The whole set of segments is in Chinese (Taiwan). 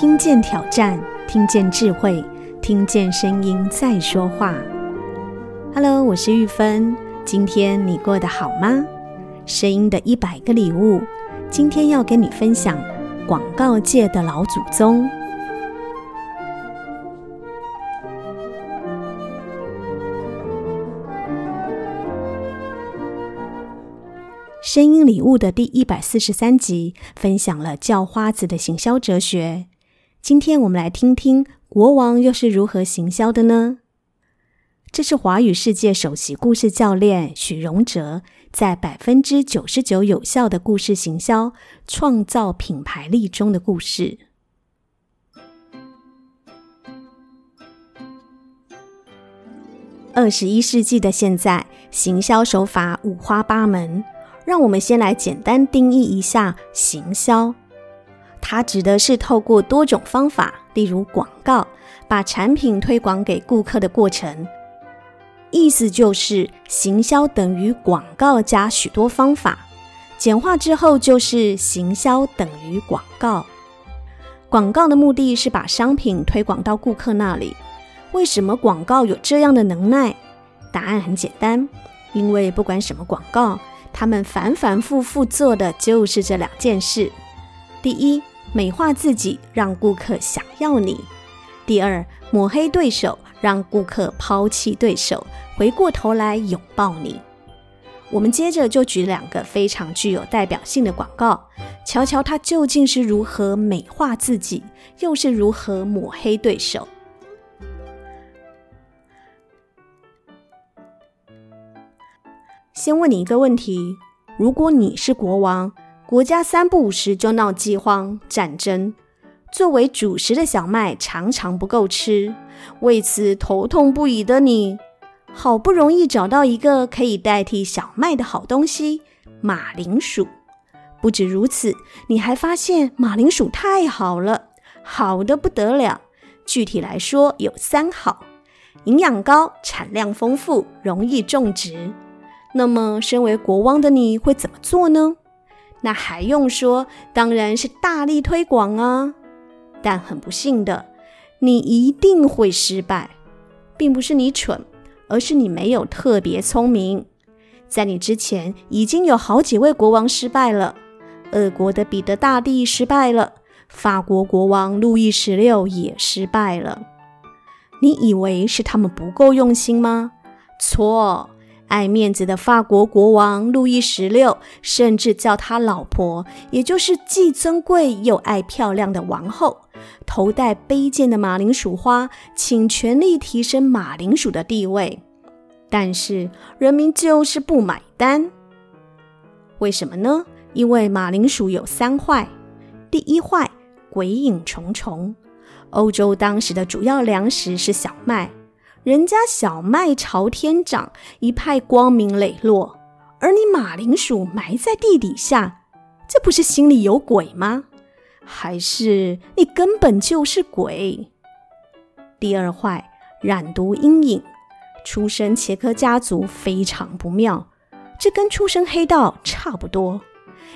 聽見挑戰，聽見智慧，聽見聲音在說話。Hello，我是玉芬。今天你過得好嗎？聲音的一百個禮物，今天要跟你分享廣告界的老祖宗。聲音禮物的第一百四十三集，分享了叫花子的行銷哲學。今天我們來聽聽國王又是如何行銷的呢？這是華語世界首席故事教練許榮哲在百分之九十九有效的故事行銷創造品牌力中的故事。二十一世紀的現在，行銷手法五花八門，讓我們先來簡單定義一下行銷。它指的是透過多種方法，例如廣告，把產品推廣給顧客的過程。意思就是行銷等於廣告加許多方法，簡化之後就是行銷等於廣告。廣告的目的是把商品推廣到顧客那裡。為什麼廣告有這樣的能耐？答案很簡單，因為不管什麼廣告，他們反反复覆做的就是這兩件事。第一，美化自己，讓顧客想要你；第二，抹黑對手，讓顧客拋棄對手，回過頭來擁抱你。我們接着就舉兩個非常具有代表性的廣告，瞧瞧它究竟是如何美化自己，又是如何抹黑對手。先問你一個問題：如果你是國王，國家三不五時就鬧饑荒、戰爭，作為主食的小麥常常不夠吃，為此頭痛不已的你，好不容易找到一個可以代替小麥的好東西——馬鈴薯。不止如此，你還發現馬鈴薯太好了，好得不得了。具體來說，有三好：營養高、產量豐富、容易種植。那麼，身為國王的你會怎麼做呢？那還用說？當然是大力推廣啊！但很不幸的，你一定會失敗，並不是你蠢，而是你沒有特別聰明。在你之前，已經有好幾位國王失敗了，俄國的彼得大帝失敗了，法國國王路易十六也失敗了。你以為是他們不夠用心嗎？錯。愛面子的法國國王路易十六，甚至叫他老婆，也就是既尊貴又愛漂亮的王後，頭戴卑賤的馬鈴薯花，請全力提升馬鈴薯的地位。但是人民就是不買單，為什麼呢？因為馬鈴薯有三壞。第一壞，鬼影重重。歐洲當時的主要糧食是小麥。人家小麥朝天長，一派光明磊落，而你馬鈴薯埋在地底下，這不是心裡有鬼嗎？還是你根本就是鬼？第二壞，染毒陰影，出身茄科家族非常不妙，這跟出生黑道差不多，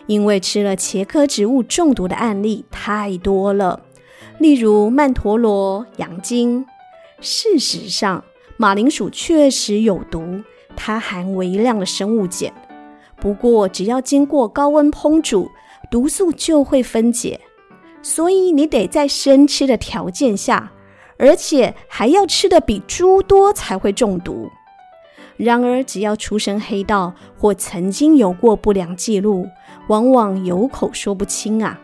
因為吃了茄科植物中毒的案例太多了，例如曼陀羅、洋金事實上，馬鈴薯確實有毒，它含微量的生物鹼。不過，只要經過高溫烹煮，毒素就會分解。所以，你得在生吃的條件下，而且還要吃得比豬多才會中毒。然而，只要出身黑道或曾經有過不良記錄，往往有口說不清啊。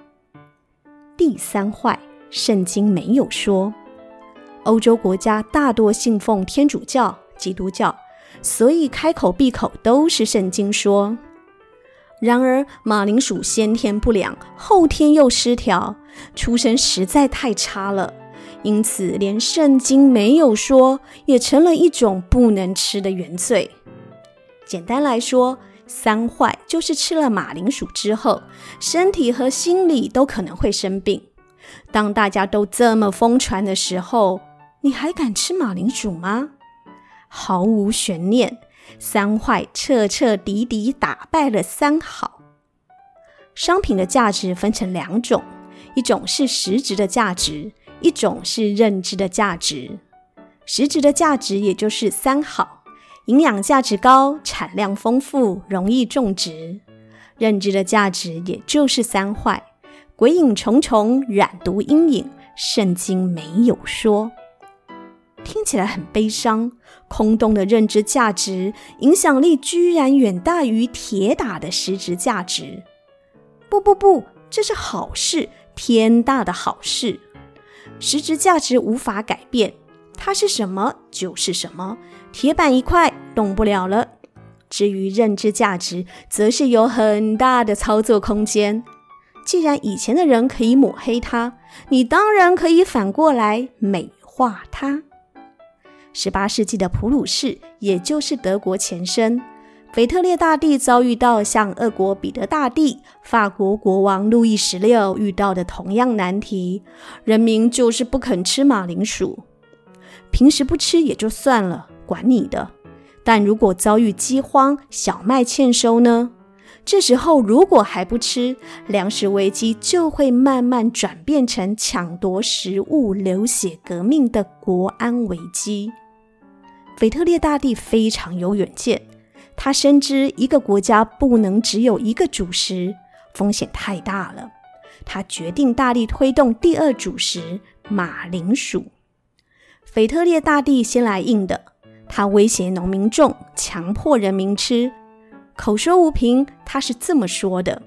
第三壞，聖經沒有說。歐洲國家，大多信奉天主教、基督教，所以開口閉口都是聖經說。然而，馬鈴薯先天不良，後天又失調，出身實在太差了，因此連聖經沒有說，也成了一種不能吃的原罪。簡單來說，三壞就是吃了馬鈴薯之後，身體和心理都可能會生病。當大家都這麼瘋傳的時候，你還敢吃馬鈴薯嗎？毫無懸念，三壞徹徹底底打敗了三好。商品的價值分成兩種，一種是實質的價值，一種是認知的價值。實質的價值也就是三好，營養價值高，產量豐富，容易種植。認知的價值也就是三壞，鬼影重重，染毒陰影。聖經沒有說。聽起來很悲傷，空洞的認知價值影響力居然遠大於鐵打的實質價值。不不不，這是好事，天大的好事。實質價值無法改變，它是什麼就是什麼，鐵板一塊，動不了了。至於認知價值，則是有很大的操作空間。既然以前的人可以抹黑它，你當然可以反過來美化它。18世紀的普魯士，也就是德國前身，腓特烈大帝遭遇到像俄國彼得大帝、法國國王路易十六遇到的同樣難題：人民就是不肯吃馬鈴薯。平時不吃也就算了，管你的；但如果遭遇饑荒、小麥欠收呢？這時候，如果還不吃，糧食危機就會慢慢轉變成搶奪食物、流血革命的國安危機。腓特烈大帝非常有遠見，他深知一個國家不能只有一個主食，風險太大了。他決定大力推動第二主食——馬鈴薯。腓特烈大帝先來硬的，他威脅農民種，強迫人民吃。口說無憑，他是這麼說的：“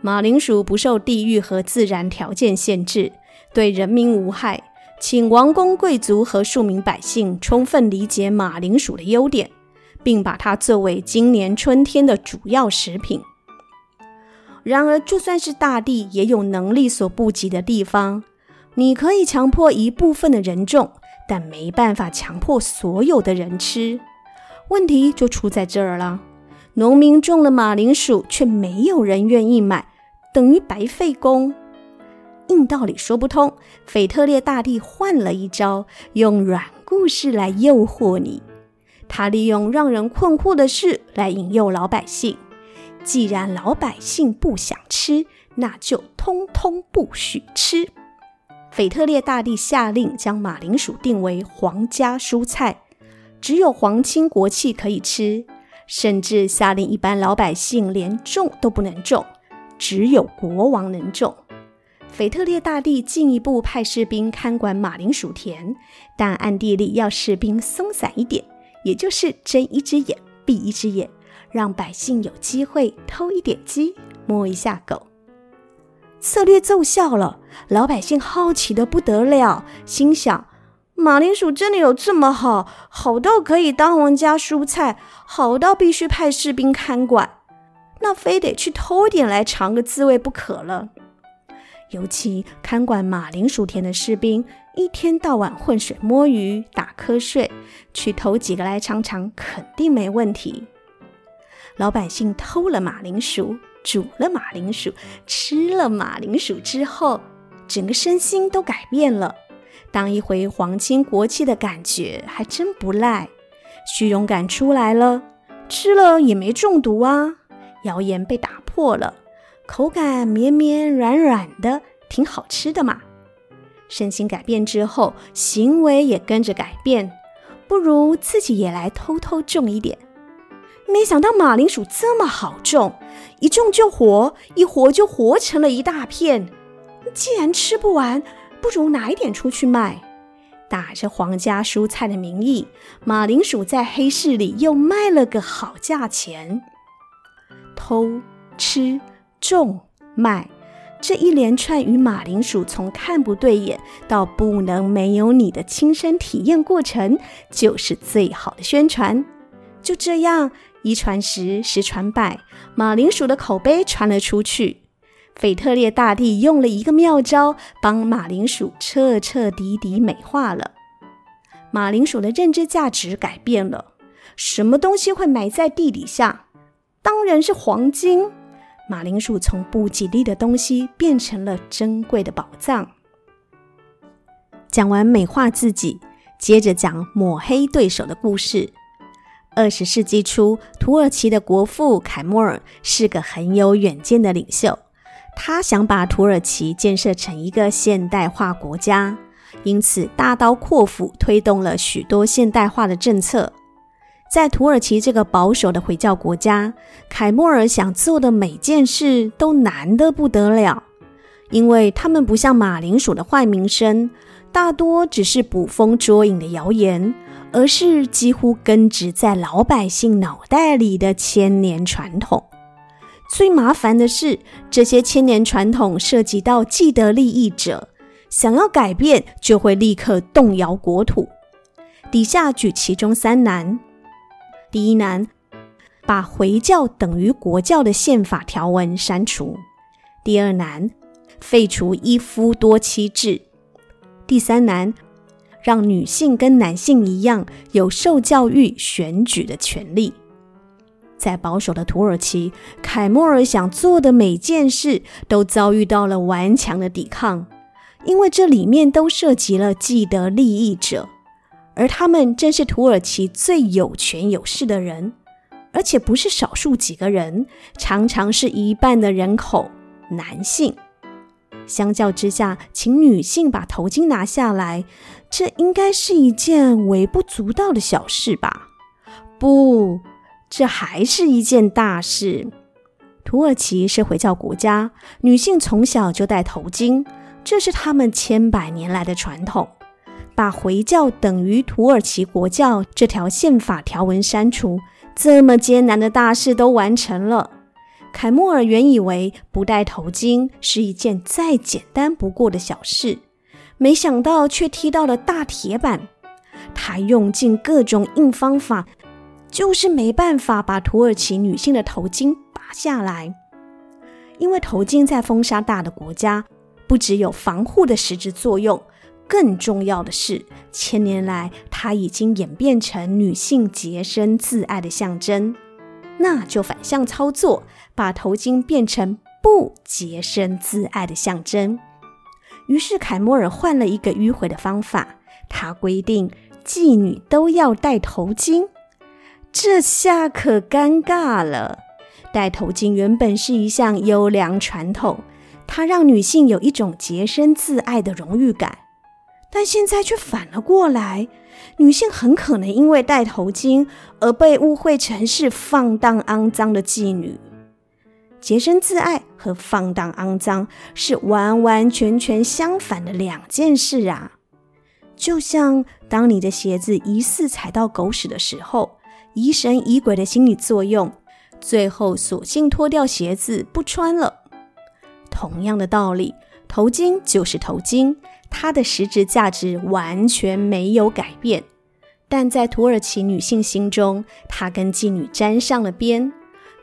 馬鈴薯不受地域和自然條件限制，對人民無害，請王公貴族和庶民百姓充分理解馬鈴薯的優點，並把它作為今年春天的主要食品。”然而，就算是大帝也有能力所不及的地方。你可以強迫一部分的人種，但沒辦法強迫所有的人吃。問題就出在這兒了。農民種了馬鈴薯，卻沒有人願意買，等於白費工。硬道理說不通，腓特烈大帝換了一招，用軟故事來誘惑你。他利用讓人困惑的事來引誘老百姓。既然老百姓不想吃，那就通通不許吃。腓特烈大帝下令將馬鈴薯定為皇家蔬菜，只有皇親國戚可以吃。甚至下令一般老百姓連種都不能種，只有國王能種。腓特烈大帝進一步派士兵看管馬鈴薯田，但暗地裡要士兵鬆散一點，也就是睜一隻眼閉一隻眼，讓百姓有機會偷一點雞，摸一下狗。策略奏效了，老百姓好奇得不得了，心想。馬鈴薯真的有這麼好？好到可以當皇家蔬菜，好到必須派士兵看管，那非得去偷點來嘗個滋味不可了。尤其看管馬鈴薯田的士兵，一天到晚混水摸魚、打瞌睡，去偷幾個來嘗嘗，肯定沒問題。老百姓偷了馬鈴薯，煮了馬鈴薯，吃了馬鈴薯之後，整個身心都改變了。當一回皇親國戚的感覺還真不賴，虛榮感出來了，吃了也沒中毒啊，謠言被打破了，口感綿綿軟軟的，挺好吃的嘛。身心改變之後，行為也跟着改變，不如自己也來偷偷種一點。沒想到馬鈴薯這麼好種，一種就活，一活就活成了一大片。既然吃不完。不如拿一點出去賣，打着皇家蔬菜的名義，馬鈴薯在黑市裡又賣了個好價錢。偷吃、種、賣，這一連串與馬鈴薯從看不對眼到不能沒有你的親身體驗過程，就是最好的宣傳。就這樣，一傳十，十傳百，馬鈴薯的口碑傳了出去。腓特烈大帝用了一個妙招，幫馬鈴薯徹徹底底美化了。馬鈴薯的認知價值改變了。什麼東西會埋在地底下？當然是黃金。馬鈴薯從不吉利的東西變成了珍貴的寶藏。講完美化自己，接着講抹黑對手的故事。二十世紀初，土耳其的國父凱末爾是個很有遠見的領袖。他想把土耳其建設成一個現代化國家，因此大刀闊斧推動了許多現代化的政策。在土耳其這個保守的回教國家，凱末爾想做的每件事都難得不得了，因為他們不像馬鈴薯的壞名聲，大多只是捕風捉影的謠言，而是幾乎根植在老百姓腦袋裡的千年傳統。最麻煩的是，這些千年傳統涉及到既得利益者，想要改變就會立刻動搖國土。底下舉其中三難：第一難，把回教等於國教的憲法條文刪除；第二難，廢除一夫多妻制；第三難，讓女性跟男性一樣有受教育、選舉的權利。在保守的土耳其，凱末爾想做的每件事都遭遇到了頑強的抵抗，因為這裡面都涉及了既得利益者，而他們正是土耳其最有權有勢的人，而且不是少數幾個人，常常是一半的人口，男性。相較之下，請女性把頭巾拿下來，這應該是一件微不足道的小事吧？不。這還是一件大事。土耳其是回教國家，女性從小就戴頭巾，這是他們千百年來的傳統。把回教等於土耳其國教這條憲法條文刪除，這麼艱難的大事都完成了。凱末爾原以為不戴頭巾是一件再簡單不過的小事，沒想到卻踢到了大鐵板。他用盡各種硬方法。就是沒辦法把土耳其女性的頭巾拔下來，因為頭巾在風沙大的國家不只有防護的實質作用，更重要的是千年來它已經演變成女性潔身自愛的象徵。那就反向操作，把頭巾變成不潔身自愛的象徵。於是凱末爾換了一個迂迴的方法，他規定妓女都要戴頭巾。這下可尷尬了。戴頭巾原本是一項優良傳統，它讓女性有一種潔身自愛的榮譽感。但現在卻反了過來，女性很可能因為戴頭巾而被誤會成是放蕩骯髒的妓女。潔身自愛和放蕩骯髒是完完全全相反的兩件事啊！就像當你的鞋子疑似踩到狗屎的時候。疑神疑鬼的心理作用，最後索性脫掉鞋子不穿了。同樣的道理，頭巾就是頭巾，它的實質價值完全沒有改變，但在土耳其女性心中，它跟妓女沾上了邊，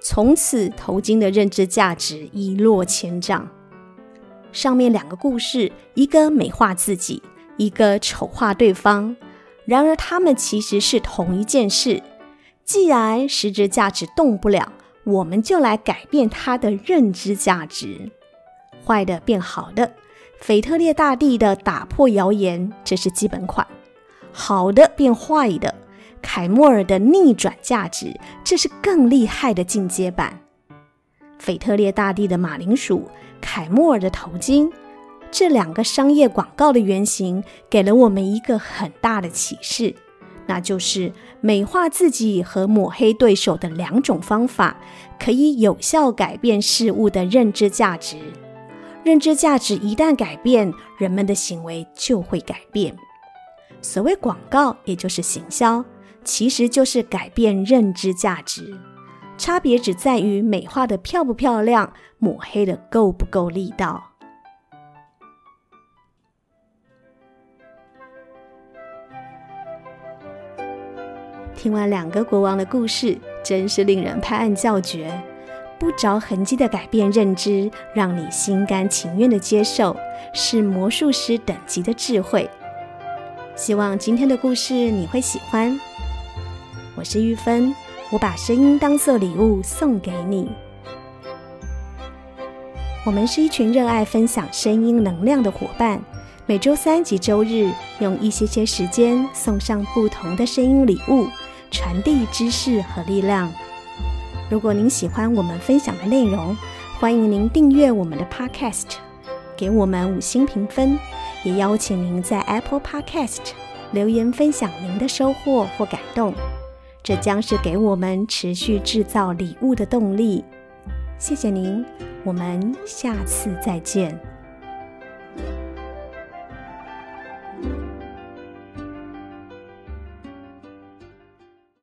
從此頭巾的認知價值一落千丈。上面兩個故事，一個美化自己，一個醜化對方，然而它們其實是同一件事。既然實質價值動不了，我們就來改變它的認知價值，壞的變好的，腓特烈大帝的打破謠言，這是基本款；好的變壞的，凱末爾的逆轉價值，這是更厲害的進階版。腓特烈大帝的馬鈴薯，凱末爾的頭巾，這兩個商業廣告的原型，給了我們一個很大的啟示。那就是美化自己和抹黑對手的兩種方法，可以有效改變事物的認知價值。認知價值一旦改變，人們的行為就會改變。所謂廣告，也就是行銷，其實就是改變認知價值，差別只在於美化的漂不漂亮，抹黑的夠不夠力道。聽完兩個國王的故事，真是令人拍案叫絕。不着痕跡的改變認知，讓你心甘情願的接受，是魔術師等級的智慧。希望今天的故事你會喜歡。我是玉芬，我把聲音當作禮物送給你。我們是一群熱愛分享聲音能量的夥伴，每周三及周日用一些些時間送上不同的聲音禮物。傳遞知識和力量。如果您喜歡我們分享的內容，歡迎您訂閱我們的 Podcast，給我們五星評分，也邀請您在 Apple Podcast 留言分享您的收穫或感動。這將是給我們持續制造禮物的動力。謝謝您，我們下次再見。